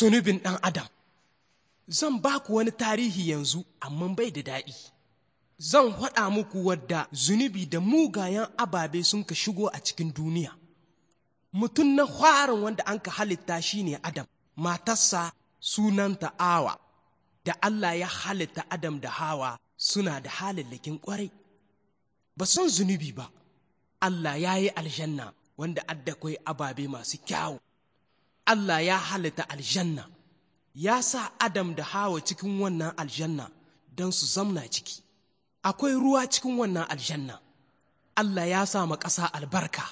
zunubin ɗan adam zan ba ku wani tarihi yanzu amma bai da daɗi zan haɗa muku wadda zunubi da mugayen ababe sun ka shigo a cikin duniya mutum na hwarin wanda an ka halitta shi ne adam matarsa sunanta awa da Allah ya halitta adam da hawa suna da halillakin kwarai ba son zunubi ba Allah ya yi aljanna wanda addakwai ababe masu kyawu Allah ya halitta aljanna ya sa Adam da Hawa cikin wannan aljanna don su zamna ciki akwai ruwa cikin wannan aljanna Allah ya sa ma ƙasa albarka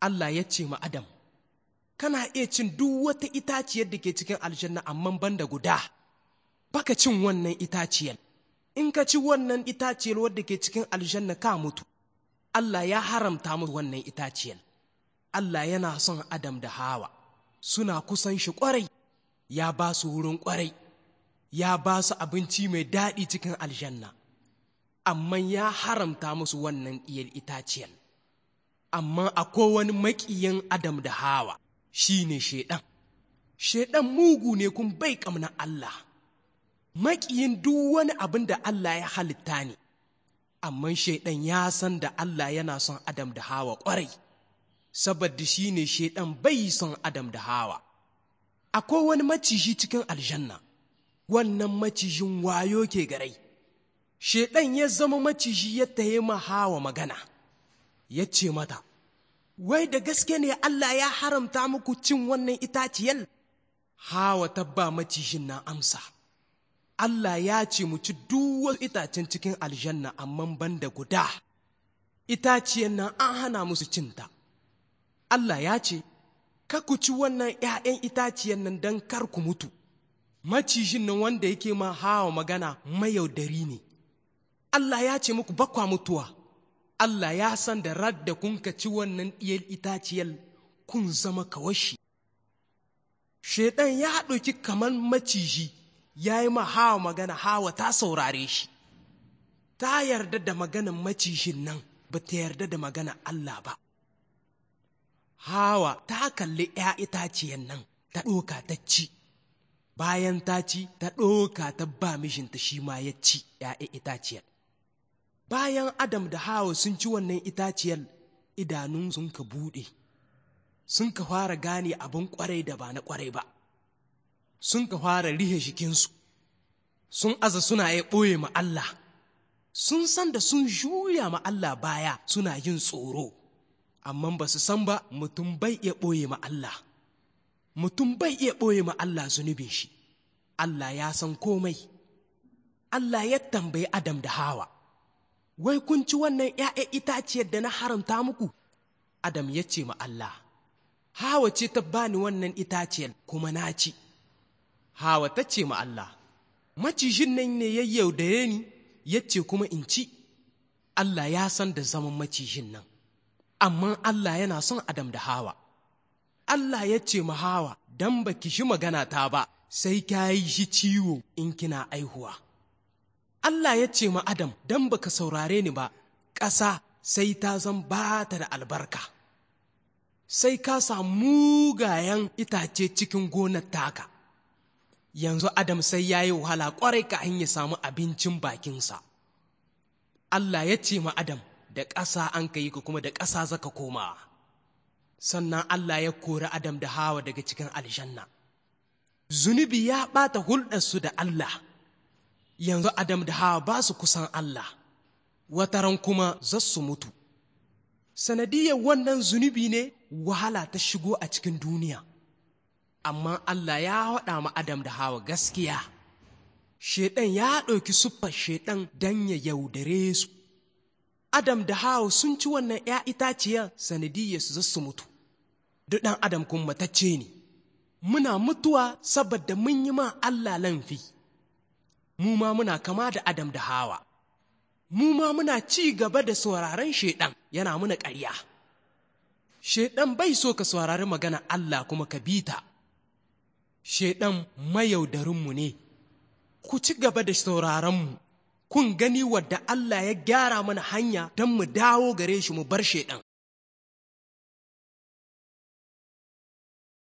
Allah ya ce ma Adam kana iya cin duk wata itaciyar da ke cikin aljanna amma banda guda baka cin wannan itaciyar in ka ci wannan itaciyar wadda ke cikin aljanna ka mutu Allah ya haramta mu wannan itaciyar Allah yana son Adam da Hawa suna kusan shi kwarai. ya ba su wurin ƙwarai ya ba su abinci mai daɗi cikin aljanna amma ya haramta musu wannan ɗiyar itaciyar amma a wani maƙiyin adam da hawa shi ne shaiɗan shaiɗan mugu ne kun bai ƙamna Allah maƙiyin duk wani abin da Allah ya halitta ne amma shaiɗan ya san da Allah yana son adam da hawa ƙwarai saboda shi ne shaidan bai son adam da hawa akwai wani maciji cikin aljanna wannan macijin wayo ke garai shaidan ya zama maciji ya taimaka hawa magana ya ce mata wai da gaske ne Allah ya haramta muku cin wannan itaciyar hawa tabba macijin na amsa Allah ya ce mu ci duwar itacen cikin aljanna amma ban da guda itaciyar nan an hana musu cinta Allah ya ce, Ka ku ci wannan ’ya'yan itaciyan nan don kar ku mutu, macijin nan wanda yake ma hawa magana mayaudari ne. Allah ya ce muku bakwa mutuwa, Allah ya san da da kun ka ci wannan ɗiyar itaciyar kun zama kawashi. Shaiɗan ya ɗauki kamar maciji ya yi ma hawa magana hawa ta saurare shi, ta yarda da maganan macijin nan ba ta yarda da magana Allah ba. hawa ta kalli ‘ya itaciyan nan ta ɗoka ta ci, bayan ta ci ta ɗoka ta ba mishinta shi ma ya ci ‘ya itaciyar. Bayan Adam da hawa sun ci wannan itaciyar idanun sun ka buɗe, sun ka fara gane abin ƙwarai da ba na kwarai ba, sun ka fara rihe shikinsu, sun aza suna ya ɓoye ma Allah, sun san da sun shuya ma Allah baya suna yin tsoro. amma ba su san ba mutum bai iya ɓoye ma Allah mutum bai iya ɓoye ma Allah zunubin shi Allah ya san komai Allah ya tambayi Adam da Hawa wai kun ci wannan ‘ya'yan itaciyar da na haramta muku Adam ya ce ma Allah Hawa ce ta bani wannan itaciyar kuma na ci Hawa ta ce ma Allah macijin nan ne ya yaudare ni ya ce kuma in ci Allah ya san da zaman macijin nan amma Allah yana son Adam da Hawa. Allah ya ce ma Hawa, don ba ki shi magana ta ba, sai ka yi shi ciwo in kina aihuwa. Allah ya ce ma Adam, don ba ka saurare ni ba, ƙasa sai ta zan ba ta da albarka. Sai ka samu mugayen itace cikin gonar taka. Yanzu Adam sai ya yi wahala ƙwarai ka ya samu abincin bakinsa. Allah ya ce ma Adam, da ƙasa an ka yi ka kuma da ƙasa zaka koma sannan Allah ya kori Adam da Hawa daga cikin aljanna zunubi ya ɓata hulɗarsu da Allah yanzu Adam da Hawa ba su kusan Allah wataran kuma za su mutu sanadiyar wannan zunubi ne wahala ta shigo a cikin duniya amma Allah ya haɗa ma Adam da Hawa gaskiya Shaiɗan ya ɗauki siffar shaiɗan don ya yaudare su adam da hawa sun ci wannan ‘ya itaciyar sanadiyya su zasu mutu duk ɗan adam kun matacce ne muna mutuwa saboda mun yi ma Allah lamfi mu ma muna kama da adam da hawa mu ma muna ci gaba da sauraron shaiɗan yana muna ƙarya shaiɗan bai so ka saurari magana Allah kuma ka bi ta shaiɗan mayaudarinmu ne ku ci gaba da sauraronmu kun gani wadda Allah ya gyara mana hanya don mu dawo gare shi mu bar shaidan